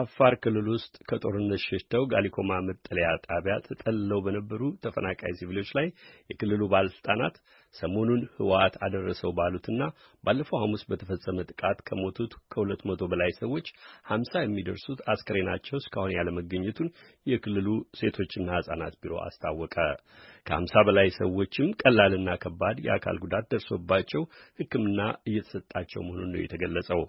አፋር ክልል ውስጥ ከጦርነት ሸሽተው ጋሊኮማ መጠለያ ጣቢያ ተጠልለው በነበሩ ተፈናቃይ ሲቪሎች ላይ የክልሉ ባለስልጣናት ሰሞኑን ህወሓት አደረሰው ባሉትና ባለፈው ሐሙስ በተፈጸመ ጥቃት ከሞቱት ከሁለት መቶ በላይ ሰዎች ሀምሳ የሚደርሱት አስከሬናቸው እስካሁን ያለመገኘቱን የክልሉ ሴቶችና ህጻናት ቢሮ አስታወቀ። ከሀምሳ በላይ ሰዎችም ቀላልና ከባድ የአካል ጉዳት ደርሶባቸው ሕክምና እየተሰጣቸው መሆኑን ነው የተገለጸው።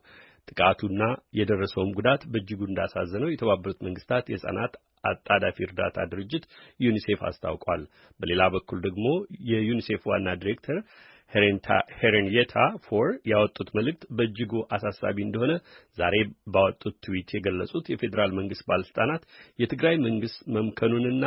ጥቃቱና የደረሰውም ጉዳት በእጅጉ እንዳሳዘነው የተባበሩት መንግስታት የህጻናት አጣዳፊ እርዳታ ድርጅት ዩኒሴፍ አስታውቋል። በሌላ በኩል ደግሞ የዩኒሴፍ ዋና ዲሬክተር ሄሬንየታ ፎር ያወጡት መልእክት በእጅጉ አሳሳቢ እንደሆነ ዛሬ ባወጡት ትዊት የገለጹት የፌዴራል መንግስት ባለስልጣናት የትግራይ መንግስት መምከኑንና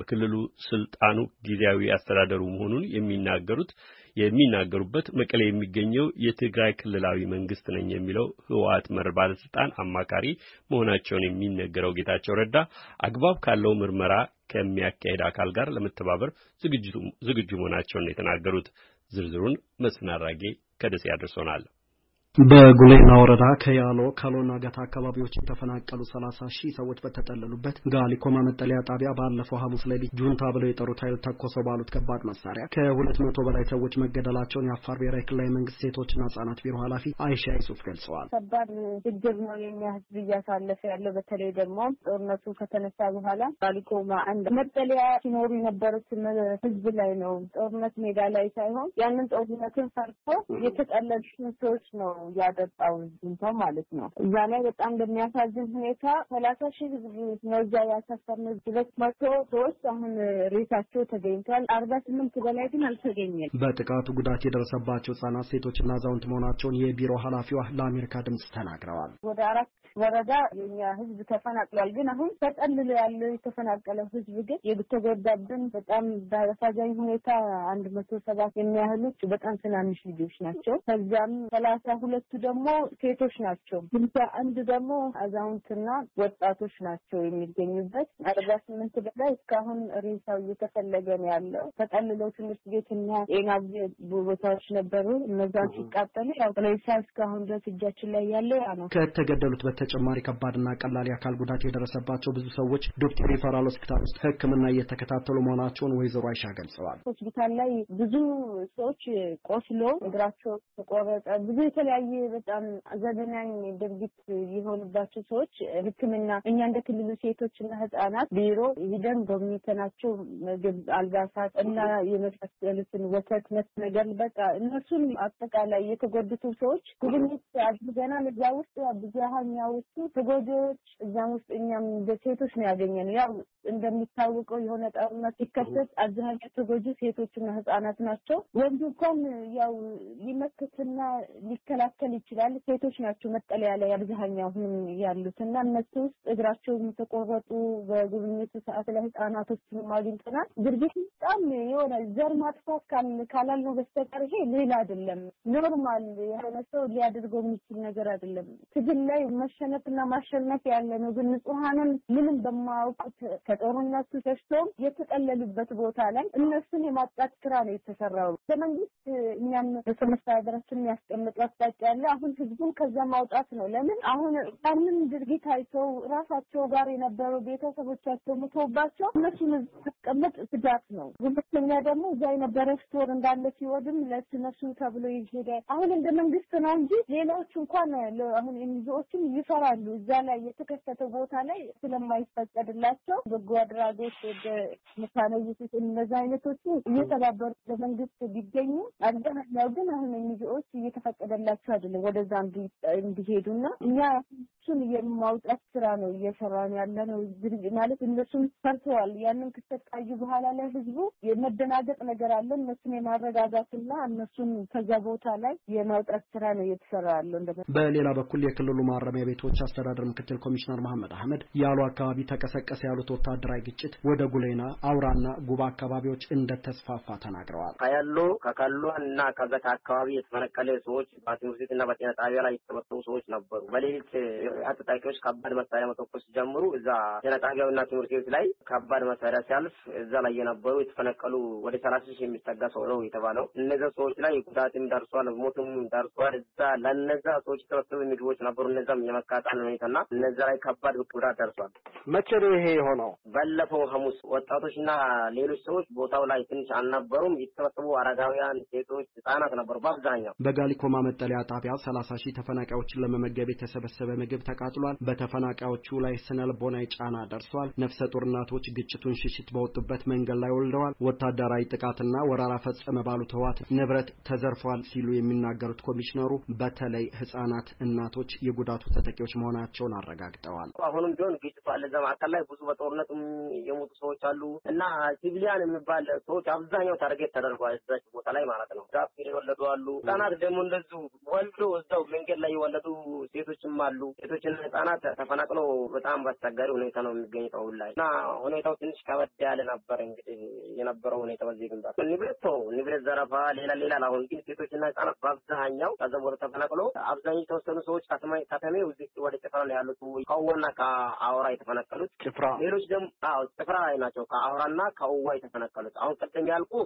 በክልሉ ስልጣኑ ጊዜያዊ አስተዳደሩ መሆኑን የሚናገሩት የሚናገሩበት መቀሌ የሚገኘው የትግራይ ክልላዊ መንግስት ነኝ የሚለው ህወሓት መር ባለስልጣን አማካሪ መሆናቸውን የሚነገረው ጌታቸው ረዳ አግባብ ካለው ምርመራ ከሚያካሄድ አካል ጋር ለመተባበር ዝግጁ መሆናቸውን ነው የተናገሩት። ዝርዝሩን መስፍን አራጌ ከደሴ አድርሶናል። በጉሌና ወረዳ ከያሎ ከሎና ገታ አካባቢዎች የተፈናቀሉ ሰላሳ ሺህ ሰዎች በተጠለሉበት ጋሊኮማ መጠለያ ጣቢያ ባለፈው ሐሙስ ሌሊት ጁንታ ብለው የጠሩት ኃይል ተኮሰው ባሉት ከባድ መሳሪያ ከሁለት መቶ በላይ ሰዎች መገደላቸውን የአፋር ብሔራዊ ክልላዊ መንግስት ሴቶችና ህጻናት ቢሮ ኃላፊ አይሻ ይሱፍ ገልጸዋል። ከባድ ችግር ነው የኛ ህዝብ እያሳለፈ ያለው። በተለይ ደግሞ ጦርነቱ ከተነሳ በኋላ ጋሊኮማ አንድ መጠለያ ሲኖሩ የነበሩት ህዝብ ላይ ነው ጦርነት ሜዳ ላይ ሳይሆን ያንን ጦርነትን ፈርቶ የተጠለሉ ሰዎች ነው ያጠጣው ዝንተው ማለት ነው። እዛ ላይ በጣም በሚያሳዝን ሁኔታ ሰላሳ ሺህ ህዝብ ነው እዛ ያሳፈርነው። ሁለት መቶ ሰዎች አሁን ሬሳቸው ተገኝቷል። አርባ ስምንት በላይ ግን አልተገኘም። በጥቃቱ ጉዳት የደረሰባቸው ህጻናት፣ ሴቶችና አዛውንት መሆናቸውን የቢሮ ኃላፊዋ ለአሜሪካ ድምጽ ተናግረዋል። ወደ አራት ወረዳ የኛ ህዝብ ተፈናቅሏል። ግን አሁን ተጠልሎ ያለው የተፈናቀለው ህዝብ ግን የተጎዳብን በጣም በአሳዛኝ ሁኔታ አንድ መቶ ሰባት የሚያህሉት በጣም ትናንሽ ልጆች ናቸው። ከዚያም ሰላሳ ሁለቱ ደግሞ ሴቶች ናቸው። ስልሳ አንድ ደግሞ አዛውንትና ወጣቶች ናቸው የሚገኙበት። አርባ ስምንት በላይ እስካሁን ሬሳው እየተፈለገ ነው ያለው። ተጠልለው ትምህርት ቤትና ጤና ቦታዎች ነበሩ። እነዛ ሲቃጠሉ ያው ሬሳ እስካሁን ድረስ እጃችን ላይ ያለ ያ ነው። ከተገደሉት በተጨማሪ ከባድና ቀላል የአካል ጉዳት የደረሰባቸው ብዙ ሰዎች ዶክተር ሪፈራል ሆስፒታል ውስጥ ሕክምና እየተከታተሉ መሆናቸውን ወይዘሮ አይሻ ገልጸዋል። ሆስፒታል ላይ ብዙ ሰዎች ቆስሎ እግራቸው ተቆረጠ፣ ብዙ የተለያዩ የተለያየ በጣም ዘግናኝ ድርጊት የሆኑባቸው ሰዎች ሕክምና እኛ እንደ ክልሉ ሴቶችና ህጻናት ቢሮ ሂደን ጎብኝተናቸው ምግብ፣ አልባሳት እና የመሳሰሉትን ወተት መስ ነገር በቃ እነሱን አጠቃላይ የተጎዱቱ ሰዎች ጉብኝት አድርገናል። እዛ ውስጥ ብዙሀን ያውስጡ ተጎጂዎች እዛም ውስጥ እኛም እንደ ሴቶች ነው ያገኘነው። ያው እንደሚታወቀው የሆነ ጦርነት ሲከሰት አብዛኛው ተጎጂ ሴቶችና ህጻናት ናቸው። ወንዱ እንኳን ያው ሊመክትና ሊከላከል ሊከላከል ይችላል። ሴቶች ናቸው መጠለያ ላይ አብዛኛው አብዛኛውን ያሉት እና እነሱ ውስጥ እግራቸውን የተቆረጡ በጉብኝቱ ሰዓት ላይ ህጻናቶችንም አግኝተናል። ድርጊት በጣም የሆነ ዘር ማጥፋት ነው በስተቀር ይሄ ሌላ አይደለም። ኖርማል የሆነ ሰው ሊያደርገው የሚችል ነገር አይደለም። ትግል ላይ መሸነፍና ማሸነፍ ያለ ነው። ግን ንጹሀንን ምንም በማያውቁት ከጦርነቱ ሸሽቶም የተጠለሉበት ቦታ ላይ እነሱን የማጣት ስራ ነው የተሰራው። በመንግስት እኛም ርዕሰ የሚያስቀምጡ አቅጣጫ ያለ አሁን ህዝቡን ከዛ ማውጣት ነው። ለምን አሁን ማንም ድርጊት አይተው ራሳቸው ጋር የነበሩ ቤተሰቦቻቸው ሙተውባቸው እነሱን ማስቀመጥ ስጋት ነው። ሁለተኛ ደግሞ እዛ የነበረ ስቶር እንዳለ ሲወድም ለእነሱ ተብሎ ይሄደ አሁን እንደ መንግስት ነው እንጂ ሌላዎች እንኳን አሁን ኤንጂኦዎችም ይፈራሉ። እዛ ላይ የተከሰተው ቦታ ላይ ስለማይፈቀድላቸው በጎ አድራጎት ወደ መሳነይቶች እነዚ አይነቶቹ እየተባበሩ ለመንግስት ቢገኙ አብዛኛው ግን አሁን ኤንጂኦዎች እየተፈቀደላቸው አይደለም ወደዛ እንዲሄዱና እኛ እሱን የማውጣት ስራ ነው እየሰራን ያለ ነው። ማለት እነሱም ፈርተዋል። ያንን ክስተት ካዩ በኋላ ላይ ህዝቡ የመደናገጥ ነገር አለ። እነሱን የማረጋጋትና እነሱን ከዛ ቦታ ላይ የማውጣት ስራ ነው እየተሰራ ያለው። በሌላ በኩል የክልሉ ማረሚያ ቤቶች አስተዳደር ምክትል ኮሚሽነር መሐመድ አህመድ ያሉ አካባቢ ተቀሰቀሰ ያሉት ወታደራዊ ግጭት ወደ ጉሌና አውራና ጉባ አካባቢዎች እንደተስፋፋ ተናግረዋል። ያሉ ከከሏን እና ከዘካ አካባቢ የተፈነቀለ ሰዎች ትምህርት እና በጤና ጣቢያ ላይ የተሰበሰቡ ሰዎች ነበሩ። በሌሊት አጥቂዎች ከባድ መሳሪያ መተኮስ ሲጀምሩ እዛ ጤና ጣቢያውና ትምህርት ቤት ላይ ከባድ መሳሪያ ሲያልፍ እዛ ላይ የነበሩ የተፈነቀሉ ወደ ሰላሳ ሺህ የሚጠጋ ሰው ነው የተባለው። እነዚ ሰዎች ላይ ጉዳትም ደርሷል፣ ሞትም ደርሷል። እዛ ለነዛ ሰዎች የተሰበሰቡ ምግቦች ነበሩ። እነዛም የመቃጠል ሁኔታና እነዛ ላይ ከባድ ጉዳት ደርሷል። መቼ ነው ይሄ የሆነው? ባለፈው ሐሙስ ወጣቶችና ሌሎች ሰዎች ቦታው ላይ ትንሽ አልነበሩም። የተሰበሰቡ አረጋውያን፣ ሴቶች፣ ህጻናት ነበሩ በአብዛኛው በጋሊኮማ መጠለያ ጣቢያ 30 ሺህ ተፈናቃዮችን ለመመገብ የተሰበሰበ ምግብ ተቃጥሏል። በተፈናቃዮቹ ላይ ስነ ልቦናዊ ጫና ደርሷል። ነፍሰ ጡር እናቶች ግጭቱን ሽሽት በወጡበት መንገድ ላይ ወልደዋል። ወታደራዊ ጥቃትና ወረራ ፈጸመ ባሉት ህዋት ንብረት ተዘርፏል ሲሉ የሚናገሩት ኮሚሽነሩ በተለይ ህጻናት፣ እናቶች የጉዳቱ ተጠቂዎች መሆናቸውን አረጋግጠዋል። አሁንም ቢሆን ግጭቱ አለ። እዛ ማዕከል ላይ ብዙ በጦርነት የሞቱ ሰዎች አሉ እና ሲቪሊያን የሚባል ሰዎች አብዛኛው ታርጌት ተደርጓል። እዛች ቦታ ላይ ማለት ነው። ዛፍ የወለዱ አሉ። ህጻናት ደግሞ እንደዚሁ ወልዶ እዛው መንገድ ላይ የወለዱ ሴቶችም አሉ። ሴቶችና ህጻናት ተፈናቅሎ በጣም በአስቸጋሪ ሁኔታ ነው የሚገኝ አሁን እና ሁኔታው ትንሽ ከበድ ያለ ነበር። እንግዲህ የነበረው ሁኔታ በዚህ ግንባር ንብረት ንብረት ዘረፋ፣ ሌላ ሌላ። አሁን ግን ሴቶችና ህጻናት በአብዛኛው ከዛ ቦታ ተፈናቅሎ አብዛኛው የተወሰኑ ሰዎች ከተሜ እዚህ ወደ ጭፍራ ነው ያሉት። ከዋና ከአውራ የተፈናቀሉት ጭፍራ፣ ሌሎች ደግሞ አዎ ጭፍራ ላይ ናቸው። ከአውራና ከውዋ የተፈናቀሉት አሁን ቅድም ያልኩ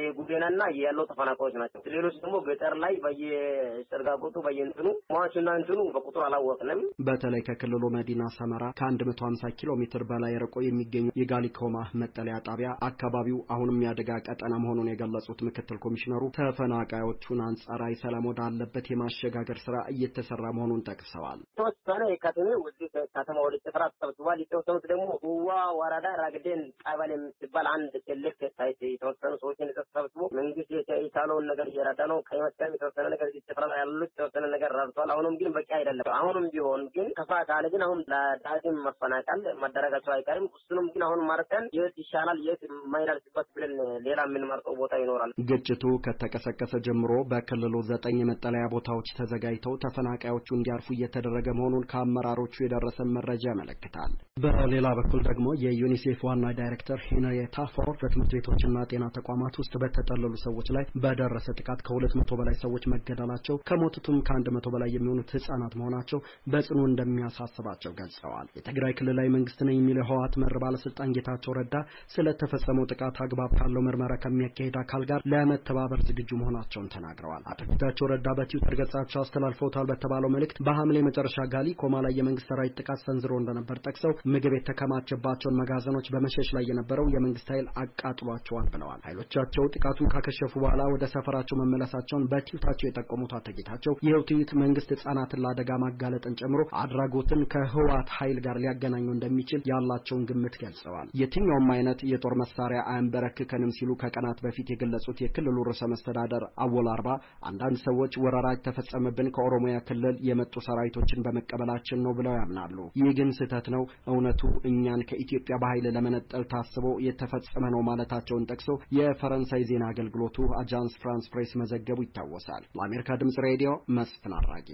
የጉዴናና ያለው ተፈናቃዮች ናቸው። ሌሎች ደግሞ ገጠር ላይ በየ ሚኒስትር ጋር ገብቶ በየእንትኑ ሟቹና እንትኑ በቁጥር አላወቅንም። በተለይ ከክልሉ መዲና ሰመራ ከአንድ መቶ ሀምሳ ኪሎ ሜትር በላይ ርቆ የሚገኙ የጋሊኮማ መጠለያ ጣቢያ አካባቢው አሁንም የአደጋ ቀጠና መሆኑን የገለጹት ምክትል ኮሚሽነሩ ተፈናቃዮቹን አንጻራዊ ሰላም ወዳለበት የማሸጋገር ስራ እየተሰራ መሆኑን ጠቅሰዋል። ተወሰነ የከተሜ እዚህ ከተማ ወደ ጭፍራ ተሰብስቧል። የተወሰኑት ደግሞ ህዋ ወረዳ ራግዴን ቀበሌ የምትባል አንድ ትልቅ ሳይት የተወሰኑ ሰዎችን ተሰብስቦ መንግስት የቻለውን ነገር እየረዳ ነው። ቀይ የተወሰነ ነገር ጭፍራ ያሉት የተወሰነ ነገር ረድቷል። አሁንም ግን በቂ አይደለም። አሁንም ቢሆን ግን ከፋ ካለ ግን አሁን ለዳግም መፈናቀል መደረጋቸው አይቀርም። እሱንም ግን አሁን መርጠን የት ይሻላል የት ማይዳርስበት ብለን ሌላ የምንመርጠው ቦታ ይኖራል። ግጭቱ ከተቀሰቀሰ ጀምሮ በክልሉ ዘጠኝ የመጠለያ ቦታዎች ተዘጋጅተው ተፈናቃዮቹ እንዲያርፉ እየተደረገ መሆኑን ከአመራሮቹ የደረሰን መረጃ ያመለክታል። በሌላ በኩል ደግሞ የዩኒሴፍ ዋና ዳይሬክተር ሄንሪየታ ፎር በትምህርት ቤቶችና ጤና ተቋማት ውስጥ በተጠለሉ ሰዎች ላይ በደረሰ ጥቃት ከሁለት መቶ በላይ ሰዎች መገደላቸው ከሞቱትም ከአንድ መቶ በላይ የሚሆኑት ህጻናት መሆናቸው በጽኑ እንደሚያሳስባቸው ገልጸዋል። የትግራይ ክልላዊ መንግስት ነኝ የሚል ህወሓት መር ባለስልጣን ጌታቸው ረዳ ስለተፈጸመው ጥቃት አግባብ ካለው ምርመራ ከሚያካሄድ አካል ጋር ለመተባበር ዝግጁ መሆናቸውን ተናግረዋል። አቶ ጌታቸው ረዳ በትዊተር ገጻቸው አስተላልፈውታል በተባለው መልእክት በሐምሌ መጨረሻ ጋሊ ኮማ ላይ የመንግስት ሰራዊት ጥቃት ሰንዝሮ እንደነበር ጠቅሰው ምግብ የተከማቸባቸውን መጋዘኖች በመሸሽ ላይ የነበረው የመንግስት ኃይል አቃጥሏቸዋል ብለዋል። ኃይሎቻቸው ጥቃቱን ካከሸፉ በኋላ ወደ ሰፈራቸው መመለሳቸውን በትዊታቸው የጠቆሙት አቶ ጌታቸው ይኸው ትዊት መንግስት ህጻናትን ለአደጋ ማጋለጥን ጨምሮ አድራጎትን ከህወሓት ኃይል ጋር ሊያገናኙ እንደሚችል ያላቸውን ግምት ገልጸዋል። የትኛውም አይነት የጦር መሳሪያ አያንበረክከንም ሲሉ ከቀናት በፊት የገለጹት የክልሉ ርዕሰ መስተዳደር አወል አርባ አንዳንድ ሰዎች ወረራ የተፈጸመብን ከኦሮሚያ ክልል የመጡ ሰራዊቶችን በመቀበላችን ነው ብለው ያምናሉ። ይህ ግን ስህተት ነው። እውነቱ እኛን ከኢትዮጵያ በኃይል ለመነጠል ታስቦ የተፈጸመ ነው ማለታቸውን ጠቅሶ የፈረንሳይ ዜና አገልግሎቱ አጃንስ ፍራንስ ፕሬስ መዘገቡ ይታወሳል። ለአሜሪካ ድምጽ ሬዲዮ መስፍን አራጌ